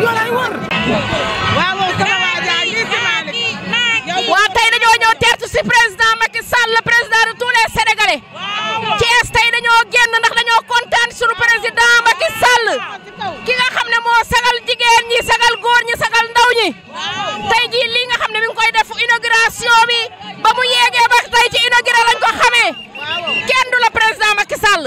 yoo lay waa tey dañoo ñëw teertu si président Macky Sall le président de tous les sénégalais. Thiès tey dañoo génn ndax dañoo kontaan suñu président Macky Sall. ki nga xam ne moo sagal jigéen ñi sagal góor ñi sagal ndaw ñi. tey jii lii nga xam ne mi ngi koy def inauguration bi ba mu yeegee ba tey ci inauguré lañ ko xamee. kenn du la président Macky Sall.